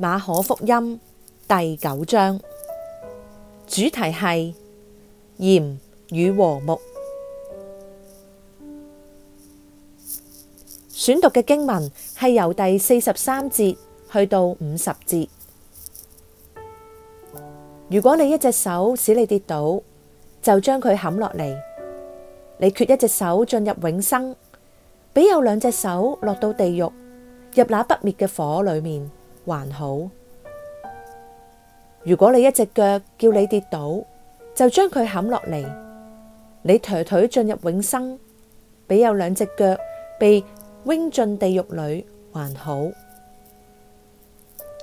馬可福音第九章，主題係鹽與和睦。選讀嘅經文係由第四十三節去到五十節。如果你一隻手使你跌倒，就將佢冚落嚟；你缺一隻手進入永生，比有兩隻手落到地獄，入那不滅嘅火裏面。還好，如果你一隻腳叫你跌倒，就將佢砍落嚟，你瘸腿進入永生，比有兩隻腳被扔進地獄裏還好。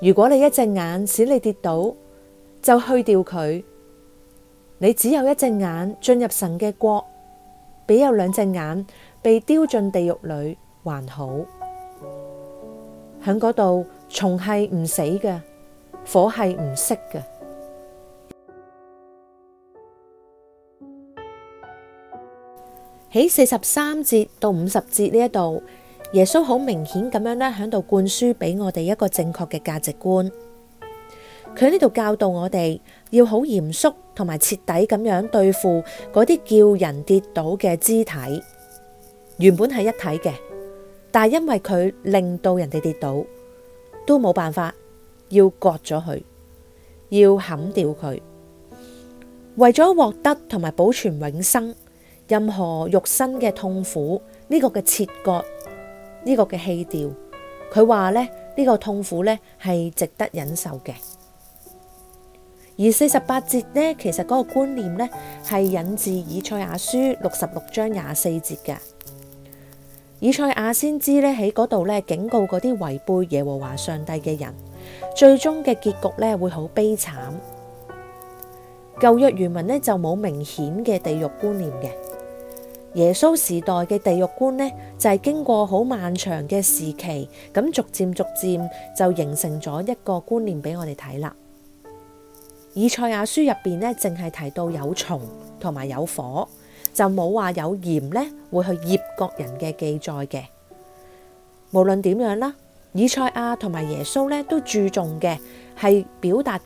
如果你一隻眼使你跌倒，就去掉佢，你只有一隻眼進入神嘅國，比有兩隻眼被丟進地獄裏還好。喺嗰度。蟲係唔死嘅，火係唔熄嘅。喺四十三節到五十節呢一度，耶穌好明顯咁樣咧，響度灌輸俾我哋一個正確嘅價值觀。佢喺呢度教導我哋要好嚴肅同埋徹底咁樣對付嗰啲叫人跌倒嘅肢體。原本係一體嘅，但係因為佢令到人哋跌倒。都冇辦法，要割咗佢，要砍掉佢，為咗獲得同埋保存永生，任何肉身嘅痛苦，呢個嘅切割，呢個嘅棄掉，佢話咧呢個痛苦呢係值得忍受嘅。而四十八節呢，其實嗰個觀念呢係引自以賽亞書六十六章廿四節嘅。以賽亞先知咧喺嗰度咧警告嗰啲違背耶和華上帝嘅人，最終嘅結局咧會好悲慘。舊約原文咧就冇明顯嘅地獄觀念嘅，耶穌時代嘅地獄觀呢，就係經過好漫長嘅時期，咁逐漸逐漸就形成咗一個觀念俾我哋睇啦。以賽亞書入邊咧淨係提到有蟲同埋有火。就冇話有鹽咧，會去醃各人嘅記載嘅。無論點樣啦，以賽亞同埋耶穌咧都注重嘅係表達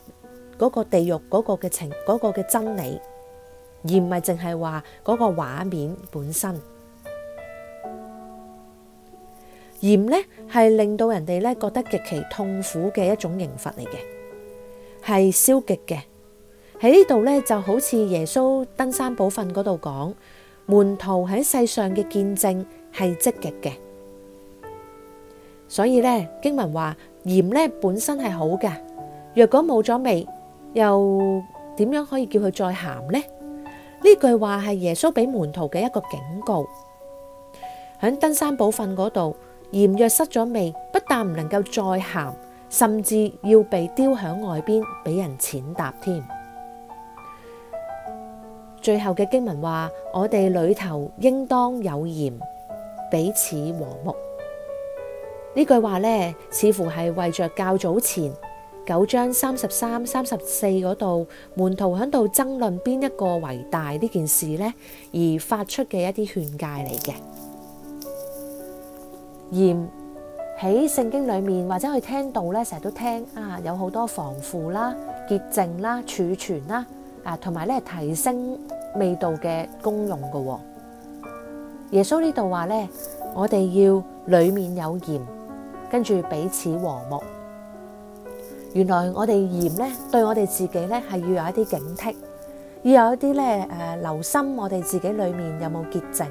嗰個地獄嗰個嘅情嗰個嘅真理，而唔係淨係話嗰個畫面本身。鹽咧係令到人哋咧覺得極其痛苦嘅一種刑罰嚟嘅，係消極嘅。喺呢度咧，就好似耶穌登山寶訓嗰度講，門徒喺世上嘅見證係積極嘅，所以咧，經文話鹽咧本身係好嘅，若果冇咗味，又點樣可以叫佢再鹹呢？呢句話係耶穌俾門徒嘅一個警告。喺登山寶訓嗰度，鹽若失咗味，不但唔能夠再鹹，甚至要被丟響外邊俾人踐踏添。最後嘅經文話：我哋裏頭應當有鹽，彼此和睦。呢句話咧，似乎係為着較早前九章三十三、三十四嗰度門徒喺度爭論邊一個為大呢件事咧，而發出嘅一啲勸誡嚟嘅。鹽喺聖經裏面或者去聽到咧，成日都聽啊，有好多防腐啦、潔淨啦、儲存啦。啊，同埋咧提升味道嘅功用㗎，耶穌呢度話咧，我哋要裏面有鹽，跟住彼此和睦。原來我哋鹽咧，對我哋自己咧係要有一啲警惕，要有一啲咧誒留心我哋自己裏面有冇潔淨，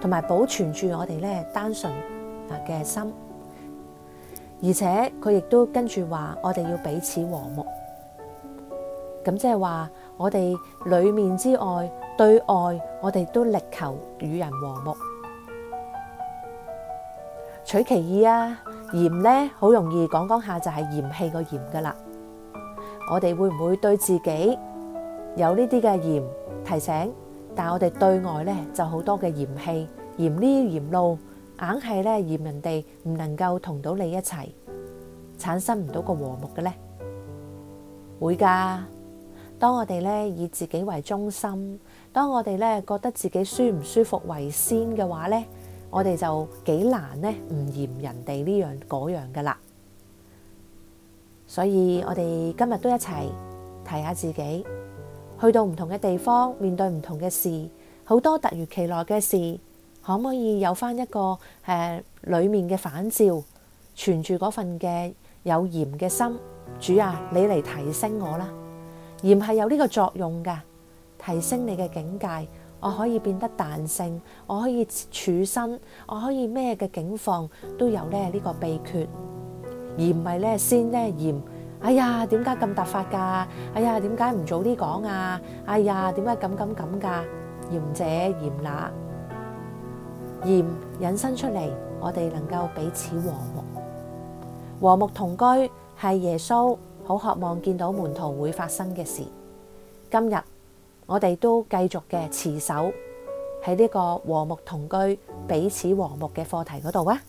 同埋保存住我哋咧單純嘅心。而且佢亦都跟住話，我哋要彼此和睦。咁即係話。我哋裏面之外，對外我哋都力求與人和睦，取其意啊！鹽咧好容易講講下就係嫌棄個嫌噶啦。我哋會唔會對自己有呢啲嘅嫌提醒？但係我哋對外咧就好多嘅嫌棄，嫌呢嫌路，硬係咧嫌人哋唔能夠同到你一齊，產生唔到個和睦嘅咧，會噶。當我哋咧以自己為中心，當我哋咧覺得自己舒唔舒服為先嘅話咧，我哋就幾難咧唔嫌人哋呢樣嗰樣噶啦。所以我哋今日都一齊提一下自己，去到唔同嘅地方，面對唔同嘅事，好多突如其來嘅事，可唔可以有翻一個誒、呃、裏面嘅反照，存住嗰份嘅有嫌嘅心，主啊，你嚟提升我啦。鹽係有呢個作用嘅，提升你嘅境界，我可以變得彈性，我可以處身，我可以咩嘅境況都有咧呢個秘訣，而唔係咧先咧鹽，哎呀，點解咁突發噶？哎呀，為什麼點解唔早啲講啊？哎呀，點解咁咁咁噶？鹽者鹽那，鹽引申出嚟，我哋能夠彼此和睦，和睦同居係耶穌。好渴望見到門徒會發生嘅事。今日我哋都繼續嘅持守喺呢個和睦同居、彼此和睦嘅課題嗰度啊。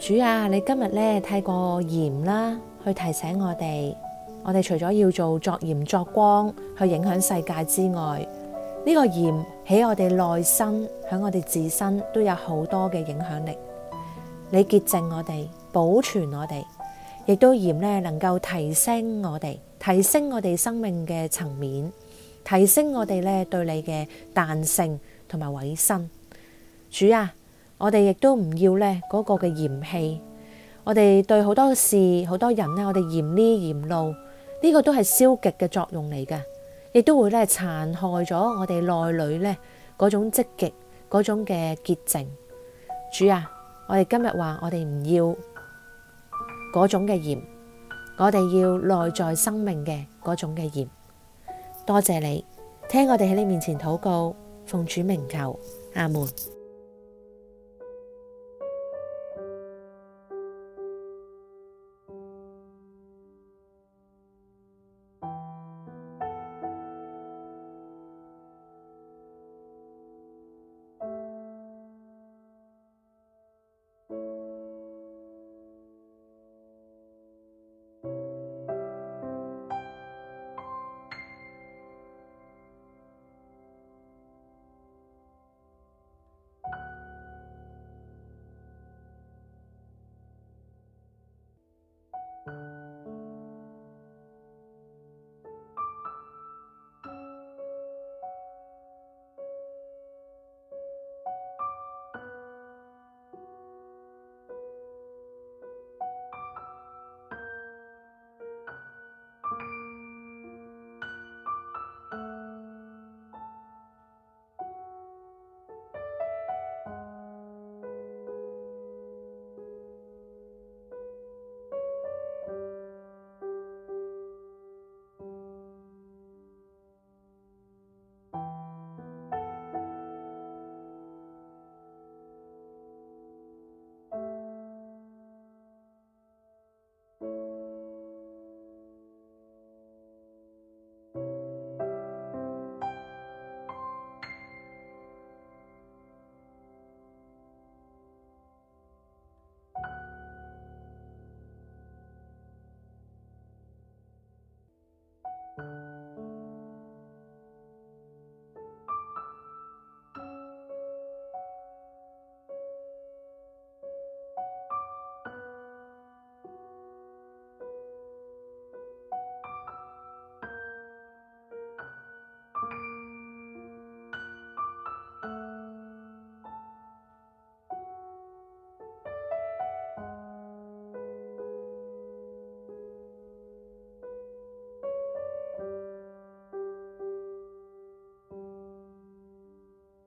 主啊，你今日咧太過鹽啦，去提醒我哋，我哋除咗要做作鹽作光去影響世界之外，呢、這個鹽喺我哋內心，喺我哋自身都有好多嘅影響力。你潔淨我哋，保存我哋，亦都鹽呢能夠提升我哋，提升我哋生命嘅層面，提升我哋咧對你嘅彈性同埋偉新。主啊！我哋亦都唔要呢嗰、嗰個嘅嫌棄，我哋對好多事、好多人呢，我哋嫌呢嫌路，呢個都係消極嘅作用嚟嘅，亦都會咧殘害咗我哋內裏呢嗰種積極嗰種嘅潔淨。主啊，我哋今日話我哋唔要嗰種嘅嫌，我哋要內在生命嘅嗰種嘅鹽。多謝你聽我哋喺你面前禱告，奉主名求，阿門。